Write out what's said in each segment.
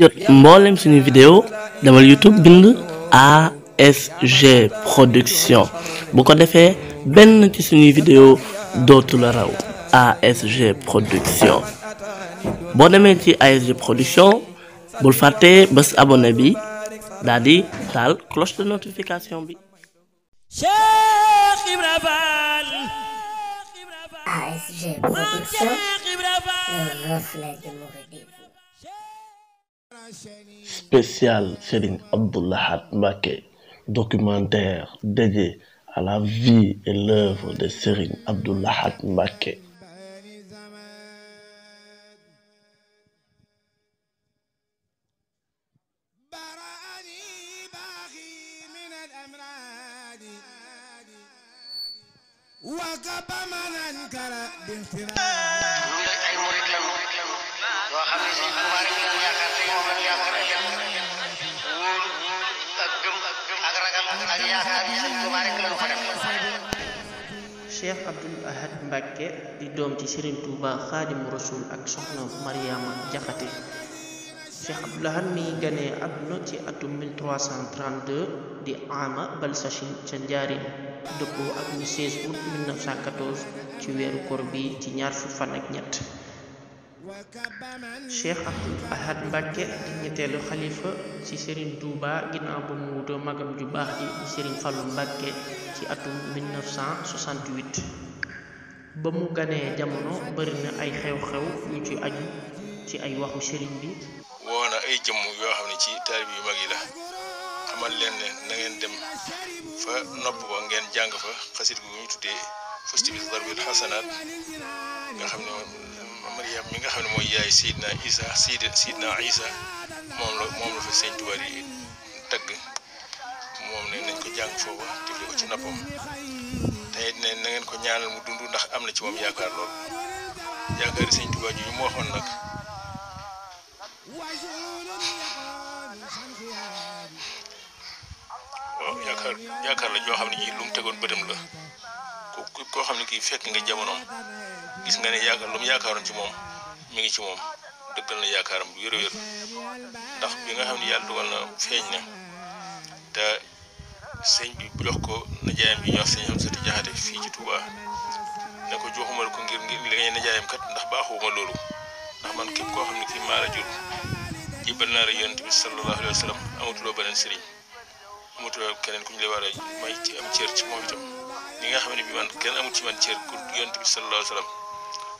jot mboolem suñu vidéo demal youtube bind ASG production bu ko defee ben ci suñuy vidéo dootu la raw ASG production boo demee ci ASG production bul fàtte bés abonné bi daal di taal cloche de notification bi Cheikh Ibra ASG production le reflet du mouridisme spécial Sérine Abdullah Lahad documentaire dédié à la vie et l'œuvre de Sérine Abdullah Lahad yaakaar Sëriñ Cheikh Abdoul Ahad Mbacke di dom ci Serigne Touba Khadim Rasuul ak soxna Mariam Jakhate Cheikh Abdul Ahad mi gane aduna ci atum 1332 di ama Balsachin ca Njaaréem dëppoo ak 16 août 1914 ci wéru korbi ci ñaar fu fan ak ñett cheikh abdul ahad mbàkke di ñetteelu xalifa ci sëriñ tuuba ginnaaw ba mu wutoo magam ju baax ji sëriñ fallu mbàkke ci atum ba mu ganee jamono bari ay xew-xew yu ci aju ci ay waxu sëriñ bi woona ay jëmm yoo xam ne ci taalibe yu mag yi la xamal leen ne dem fa nopp ba ngeen jàng fa xasit gu ñu tuddee fusti bi darbil xasanaat nga xam ne Mariam mi nga xam ne mooy yaay Seydina Isa Seydina Isa moom la moom la fa sëñ Tuubaa yi tagg moom ne nañ ko jàng foofu tifli ko ci noppam te it na ngeen ko ñaanal mu dund ndax am na ci moom yaakaar lool yaakaari sëñ Tuubaa ñu mu waxoon nag waaw yaakaar la joo xam ne ñii lu tegoon bëtam la ko koo xam ne kii fekk nga jamonoom gis nga ne yaakaar lu mu yaakaaroon ci moom mi ngi ci moom dëggal na yaakaaram bu wér-wér ndax bi nga xam ne yàlla dugal na feeñ na te sëñ bi bu jox ko najaayam bi ñuy wax sëñ Amsatu Jaxate fii ci Touba ne ko joxumal ko ngir ngir li ngay najaayam kat ndax baaxuma loolu ndax man képp koo xam ne kii maa la jur jibbal naa la yonent bi sallallahu alayhi wa keneen ku ñu lay war a ci am cër ci moom itam li nga xam ne bi man kenn amut ci man cër ku yonent bi sallallahu alayhi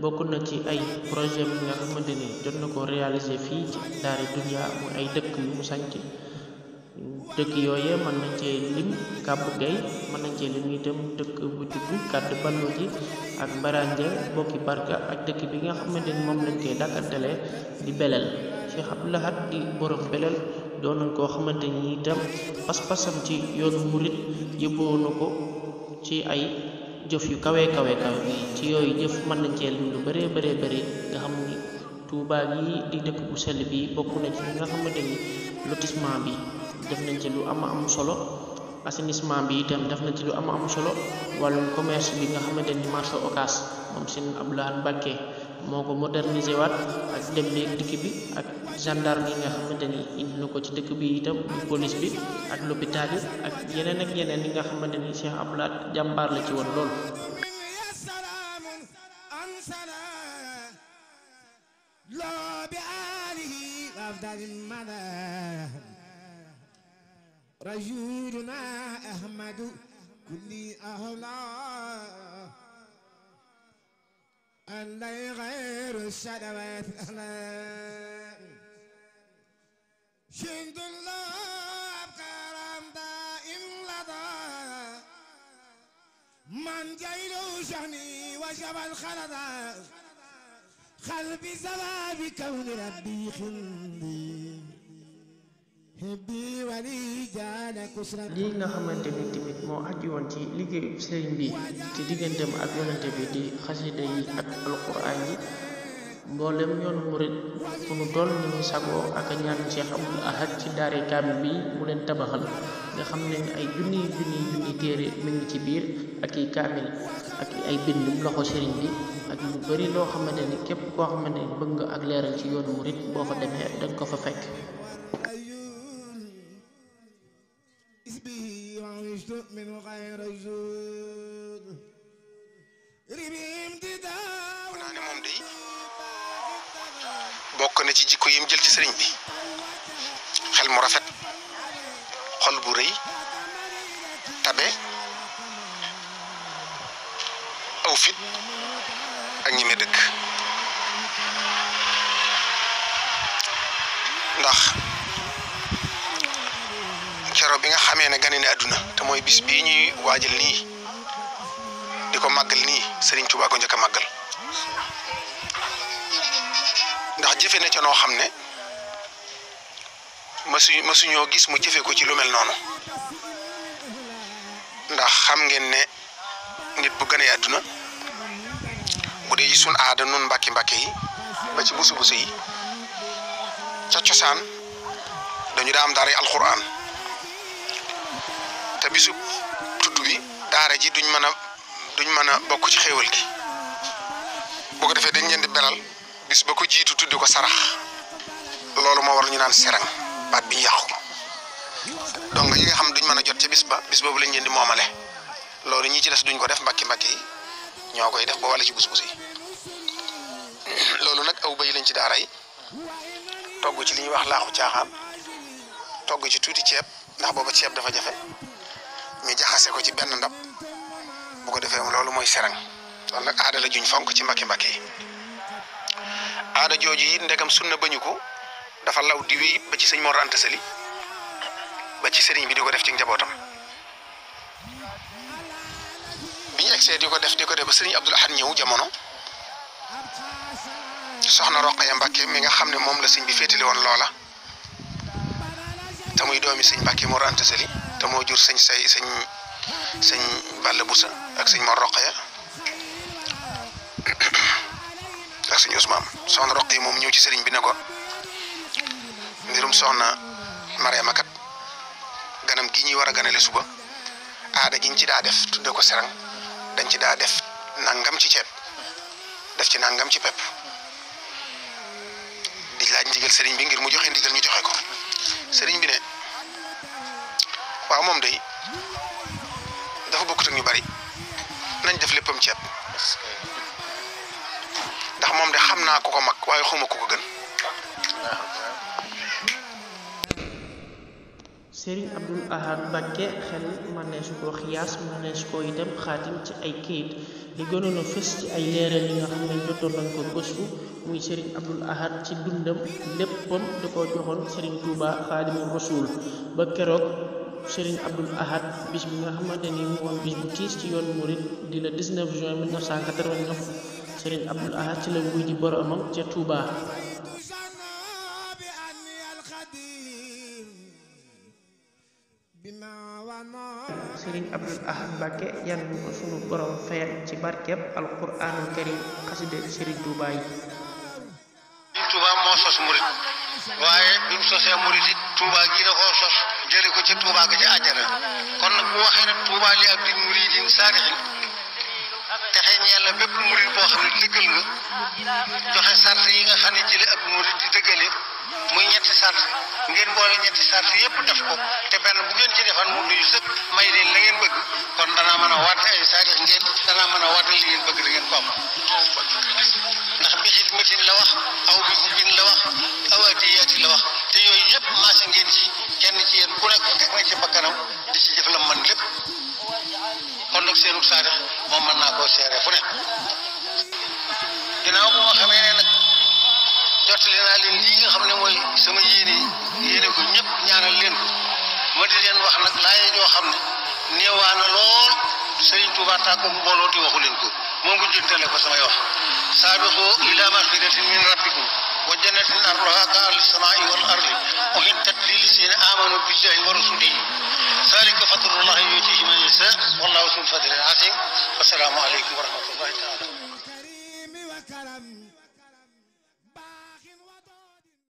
bokku na ci ay projet nga xamanteni jot na ko réaliser fi ci daari dunya mu ay dëkk yu mu sanc dëkk yooyee man nañ cee lim kàbb gay man nañ cee lim itam dëkk bu jubbu kàdd ballo ji ak barange bokki barka ak dëkk bi nga xamanteni ni moom lañ koy dàkkantalee di belel cheikh abdoulahat di borom belel doon nañ koo xamante ni itam pas-pasam ci yoonu murit yëbboo na ko ci ay jëf yu kawe kawe kawe ci yooyu jëf man nañ cee lim lu bëree bëree bëri nga xam ni Touba gi di dëkk bu sell bi bokk na ci nga xamante ni lotissement bi def nañ ci lu am am solo assainissement bi itam def nañ ci lu am am solo wàllum commerce bi nga xamante ni marché Ocass moom seen Abdoulaye Mbacké moko moderniser wat ak dem ni dikk bi ak gendarme yi nga xamanteni indi nako ci dëkk bi itam police bi ak l'hôpital yi ak yeneen ak yeneen yi nga xamanteni cheikh abdoulat jambar la ci won lool لو بآله وأفضل المنام رجولنا أحمد كل أهلا اللي يغير السلوات شند الله بكرم دائم لدى من جيل شهني وجبل الخلطة قلبي زبا كون ربي خندي lii nga xamante ni tamit moo aju woon ci liggéeyu sëriñ bi ci digganteem ak yonante bi di xasida yi ak alquran yi mboolem yoonu murit fu nu toll ni ñu sagoo ak a ñaan Cheikh Abdoul Ahad ci daare kaamil bi mu leen tabaxal nga xam ne ay junniy junniy junniy téere mi ngi ci biir ak i kaamil ak ay bindum loxo sëriñ bi ak lu bari loo xamante ni képp koo xamante ni bëgg nga ak leeral ci yoon murit boo fa demee danga ko fa fekk من غير الزود ريم ديدا ونعم دي بوك نا سي جيكو يم جيل سي سيرن بي خيل مو رافت خول بو ري تابي او فيت اك ني مي دك ndax cero bi nga xamee ne gane ne àdduna te mooy bis bii ñuy waajal nii di ko màggal nii Serigne Touba ko a màggal ndax jëfe na ca noo xam ne masu masuñoo gis mu jëfe ko ci lu mel noonu ndax xam ngeen ne nit bu gane àdduna bu dee sun aada nun mbàkki mbàkki yi ba ci busu busu yi ca cosaan dañu daa am daaray alxuraan bisu tuddu bi daara ji duñ mëna duñ mëna bokku ci xéewal gi bu ko defee dañ leen di beral bis ba ko jiitu tuddi ko sarax loolu moo war ñu naan serang baat bi ñu yàqu donc yi nga xam duñ mëna jot ci bis ba bis boobu lañ leen di moomale loolu ñi ci des duñ ko def mbakki mbakki yi koy def ba wala ci bus yi loolu nag aw bay lañ ci daara yi togg ci li ñuy wax laaxu caaxaan togg ci tuuti ceeb ndax booba ceeb dafa jafe mi jaxase ko ci benn ndab bu ko defee loolu mooy serang loolu nag aada la juñ fonk ci mbakki mbakki yi aada jooju yi ndegam sunna bañu ko dafa law di wéy ba ci sëñ Mor Anta Sali ba ci sëriñ bi di ko def ci njabootam bi ñu di ko def di ko def ba sëriñ Abdul Ahad ñëw jamono soxna Roqaya Mbacke mi nga xamne mom la sëñ bi féetali won loola tamuy doomi sëñ te mo jur sëñ say sëñ sëñ balle Busa ak sëñ mo Roqaya ak sëñ Ousmane son roqay mom ñew ci sëriñ bi ne ko ndirum soxna Mariama kat ganam gi ñi wara ganale suba aada gi ci da def tudde ko serang dañ ci da def nangam ci def ci nangam ci pep di laaj ndigal sëriñ bi ngir mu joxe ndigal ñu joxe ko. Tuubaa moom day dafa bokkut ak ñu bari nañ def léppam ceeb ndax moom de xam naa ku ko mag waaye xuma ku ko gën. Serigne Abdoul Ahad Mbacké xel mënees koo xiyaas mënees koo itam xaatim ci ay kayit li gënoon a fës ci ay leeral yi nga xam ne jotoon nañ ko gëstu muy Serigne Abdoul Ahad ci dundam léppam da koo joxoon Serigne Touba Xaadimu Rasuul ba keroog. sëriñ Abdul Ahad bis bi nga xamante ni ci yoon murid di le 19 juin 1989 Abdul Ahad ci la wuy ji boromam ca Touba. sëriñ Abdul Ahad Mbàkke yan bu ko sunu borom fayal ci barkeb alquraanul karim xasida sëriñ Touba moo sos murit waaye bi mu sosee murit it Touba gii da koo sos jëlee ko ca Touba ga ca àjjana kon nag bu waxee ne Touba li ak di muridin saadiqin texe ñeel na bépp murit boo xam ne dëggal nga joxe sart yi nga xam ne ci li ak murit di dëggale muy ñetti sart ngeen boole ñetti sart yëpp def ko te benn bu ngeen ci defan mu duñu sëkk may leen la ngeen bëgg kon danaa mën a waat ay saadix ngeen danaa man a waat li ngeen bëgg da ngeen ko am ndax bi xidmatin la wax ñëpp maase ngeen ci kenn ci yéen ku nekk teg na ci bakkanam di ci jëf la man lépp kon nag seenu saadax moom mën naa ko seere fu ne ginnaaw bu naa leen lii nga xam ne mooy sama yéene yéene ko ñëpp ñaanal leen ko ma di leen wax nag laa yee ñoo xam ne néewaa na lool Sëriñ Tuubaa tàggu mbooloo di waxu leen ko moom bu jëntale ko samay wax saabixu ilaa maxfiratin min rabbikum وجنة أرضها كأرض السماء والأرض أحدت للذين آمنوا بالله ورسوله ذلك فضل الله يؤتيه من يشاء والله ذو الفضل العظيم والسلام عليكم ورحمة الله تعالى